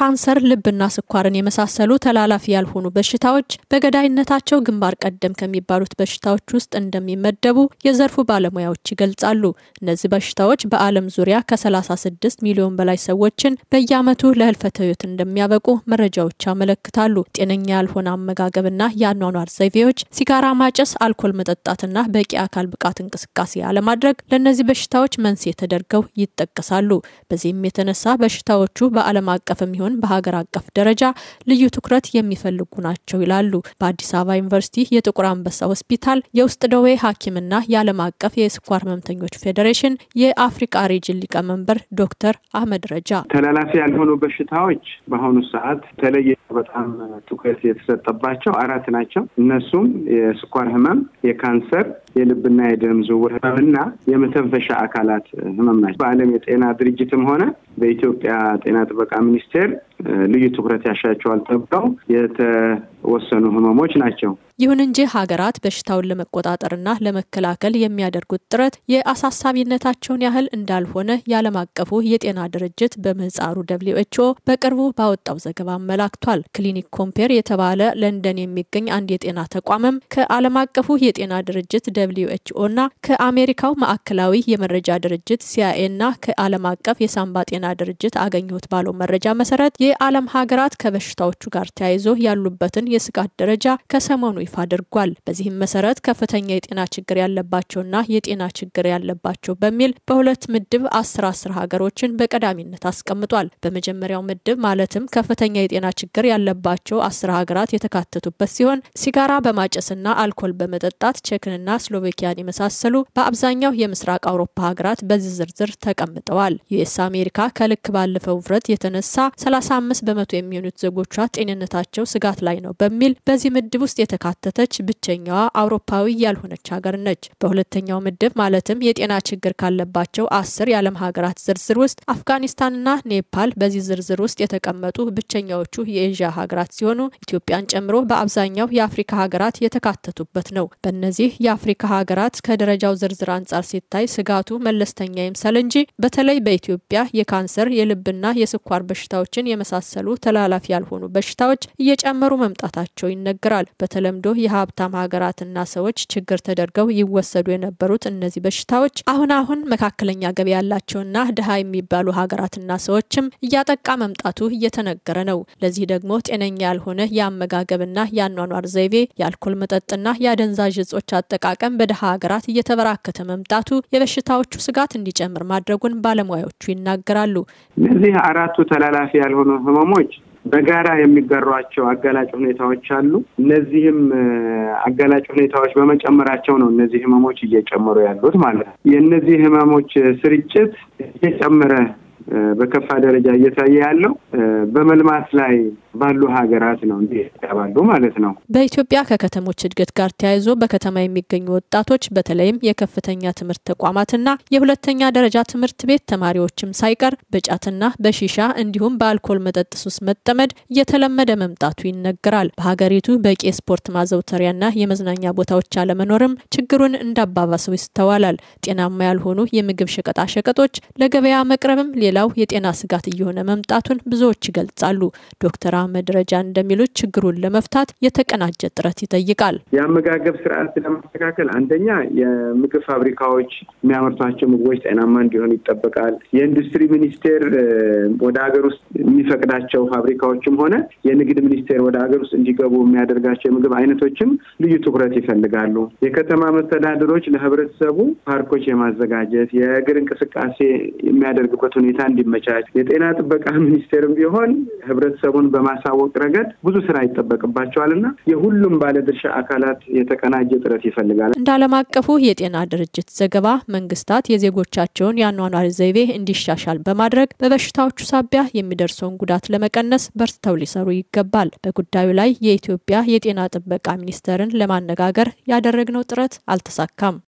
ካንሰር፣ ልብና ስኳርን የመሳሰሉ ተላላፊ ያልሆኑ በሽታዎች በገዳይነታቸው ግንባር ቀደም ከሚባሉት በሽታዎች ውስጥ እንደሚመደቡ የዘርፉ ባለሙያዎች ይገልጻሉ። እነዚህ በሽታዎች በዓለም ዙሪያ ከ36 ሚሊዮን በላይ ሰዎችን በየዓመቱ ለህልፈተ ህይወት እንደሚያበቁ መረጃዎች ያመለክታሉ። ጤነኛ ያልሆነ አመጋገብና የአኗኗር ዘይቤዎች፣ ሲጋራ ማጨስ፣ አልኮል መጠጣትና በቂ አካል ብቃት እንቅስቃሴ አለማድረግ ለእነዚህ በሽታዎች መንስኤ ተደርገው ይጠቀሳሉ። በዚህም የተነሳ በሽታዎቹ በዓለም አቀፍ የሚሆን ሳይሆን በሀገር አቀፍ ደረጃ ልዩ ትኩረት የሚፈልጉ ናቸው ይላሉ። በአዲስ አበባ ዩኒቨርሲቲ የጥቁር አንበሳ ሆስፒታል የውስጥ ደዌ ሐኪምና የዓለም አቀፍ የስኳር ህመምተኞች ፌዴሬሽን የአፍሪቃ ሪጅን ሊቀመንበር ዶክተር አህመድ ረጃ ተላላፊ ያልሆኑ በሽታዎች በአሁኑ ሰዓት ተለየ በጣም ትኩረት የተሰጠባቸው አራት ናቸው። እነሱም የስኳር ህመም፣ የካንሰር፣ የልብና የደም ዝውውር ህመምና የመተንፈሻ አካላት ህመም ናቸው። በዓለም የጤና ድርጅትም ሆነ በኢትዮጵያ ጤና ጥበቃ ሚኒስቴር ልዩ ትኩረት ያሻቸዋል ተብለው የወሰኑ ህመሞች ናቸው። ይሁን እንጂ ሀገራት በሽታውን ለመቆጣጠርና ለመከላከል የሚያደርጉት ጥረት የአሳሳቢነታቸውን ያህል እንዳልሆነ የዓለም አቀፉ የጤና ድርጅት በምህጻሩ ደብሊው ኤችኦ በቅርቡ ባወጣው ዘገባ አመላክቷል። ክሊኒክ ኮምፔር የተባለ ለንደን የሚገኝ አንድ የጤና ተቋምም ከዓለም አቀፉ የጤና ድርጅት ደብሊው ኤችኦና ከአሜሪካው ማዕከላዊ የመረጃ ድርጅት እና ከዓለም አቀፍ የሳምባ ጤና ድርጅት አገኘሁት ባለው መረጃ መሰረት የዓለም ሀገራት ከበሽታዎቹ ጋር ተያይዞ ያሉበትን የስጋት ደረጃ ከሰሞኑ ይፋ አድርጓል። በዚህም መሰረት ከፍተኛ የጤና ችግር ያለባቸውና የጤና ችግር ያለባቸው በሚል በሁለት ምድብ አስር አስር ሀገሮችን በቀዳሚነት አስቀምጧል። በመጀመሪያው ምድብ ማለትም ከፍተኛ የጤና ችግር ያለባቸው አስር ሀገራት የተካተቱበት ሲሆን ሲጋራ በማጨስና አልኮል በመጠጣት ቼክንና ስሎቬኪያን የመሳሰሉ በአብዛኛው የምስራቅ አውሮፓ ሀገራት በዚህ ዝርዝር ተቀምጠዋል። ዩኤስ አሜሪካ ከልክ ባለፈው ውፍረት የተነሳ 35 በመቶ የሚሆኑት ዜጎቿ ጤንነታቸው ስጋት ላይ ነው በሚል በዚህ ምድብ ውስጥ የተካተተች ብቸኛዋ አውሮፓዊ ያልሆነች ሀገር ነች። በሁለተኛው ምድብ ማለትም የጤና ችግር ካለባቸው አስር የዓለም ሀገራት ዝርዝር ውስጥ አፍጋኒስታንና ኔፓል በዚህ ዝርዝር ውስጥ የተቀመጡ ብቸኛዎቹ የኤዥያ ሀገራት ሲሆኑ ኢትዮጵያን ጨምሮ በአብዛኛው የአፍሪካ ሀገራት የተካተቱበት ነው። በእነዚህ የአፍሪካ ሀገራት ከደረጃው ዝርዝር አንጻር ሲታይ ስጋቱ መለስተኛ ይምሰል እንጂ በተለይ በኢትዮጵያ የካንሰር፣ የልብና የስኳር በሽታዎችን የመሳሰሉ ተላላፊ ያልሆኑ በሽታዎች እየጨመሩ መምጣት ማምጣታቸው ይነገራል። በተለምዶ የሀብታም ሀገራትና ሰዎች ችግር ተደርገው ይወሰዱ የነበሩት እነዚህ በሽታዎች አሁን አሁን መካከለኛ ገቢ ያላቸውና ድሀ የሚባሉ ሀገራትና ሰዎችም እያጠቃ መምጣቱ እየተነገረ ነው። ለዚህ ደግሞ ጤነኛ ያልሆነ የአመጋገብና የአኗኗር ዘይቤ፣ የአልኮል መጠጥና የአደንዛዥ እጾች አጠቃቀም በድሀ ሀገራት እየተበራከተ መምጣቱ የበሽታዎቹ ስጋት እንዲጨምር ማድረጉን ባለሙያዎቹ ይናገራሉ። እነዚህ አራቱ ተላላፊ ያልሆኑ ህመሞች በጋራ የሚገሯቸው አጋላጭ ሁኔታዎች አሉ። እነዚህም አጋላጭ ሁኔታዎች በመጨመራቸው ነው እነዚህ ህመሞች እየጨመሩ ያሉት ማለት ነው። የእነዚህ ህመሞች ስርጭት እየጨመረ በከፋ ደረጃ እየታየ ያለው በመልማት ላይ ባሉ ሀገራት ነው እንዲ ማለት ነው። በኢትዮጵያ ከከተሞች እድገት ጋር ተያይዞ በከተማ የሚገኙ ወጣቶች በተለይም የከፍተኛ ትምህርት ተቋማትና የሁለተኛ ደረጃ ትምህርት ቤት ተማሪዎችም ሳይቀር በጫትና በሺሻ እንዲሁም በአልኮል መጠጥ ሱስ መጠመድ እየተለመደ መምጣቱ ይነገራል። በሀገሪቱ በቂ ስፖርት ማዘውተሪያና የመዝናኛ ቦታዎች አለመኖርም ችግሩን እንዳባባሰው ይስተዋላል። ጤናማ ያልሆኑ የምግብ ሸቀጣሸቀጦች ለገበያ መቅረብም ሌላው የጤና ስጋት እየሆነ መምጣቱን ብዙዎች ይገልጻሉ። ዶክተር አህመድ መድረጃ እንደሚሉት ችግሩን ለመፍታት የተቀናጀ ጥረት ይጠይቃል። የአመጋገብ ስርዓት ለማስተካከል አንደኛ የምግብ ፋብሪካዎች የሚያመርቷቸው ምግቦች ጤናማ እንዲሆን ይጠበቃል። የኢንዱስትሪ ሚኒስቴር ወደ ሀገር ውስጥ የሚፈቅዳቸው ፋብሪካዎችም ሆነ የንግድ ሚኒስቴር ወደ ሀገር ውስጥ እንዲገቡ የሚያደርጋቸው የምግብ አይነቶችም ልዩ ትኩረት ይፈልጋሉ። የከተማ መስተዳድሮች ለህብረተሰቡ ፓርኮች የማዘጋጀት የእግር እንቅስቃሴ የሚያደርግበት ሁኔታ እንዲመቻች፣ የጤና ጥበቃ ሚኒስቴርም ቢሆን ህብረተሰቡን በማ በማሳወቅ ረገድ ብዙ ስራ ይጠበቅባቸዋል እና የሁሉም ባለድርሻ አካላት የተቀናጀ ጥረት ይፈልጋል። እንደ ዓለም አቀፉ የጤና ድርጅት ዘገባ መንግስታት የዜጎቻቸውን የአኗኗር ዘይቤ እንዲሻሻል በማድረግ በበሽታዎቹ ሳቢያ የሚደርሰውን ጉዳት ለመቀነስ በርትተው ሊሰሩ ይገባል። በጉዳዩ ላይ የኢትዮጵያ የጤና ጥበቃ ሚኒስቴርን ለማነጋገር ያደረግነው ጥረት አልተሳካም።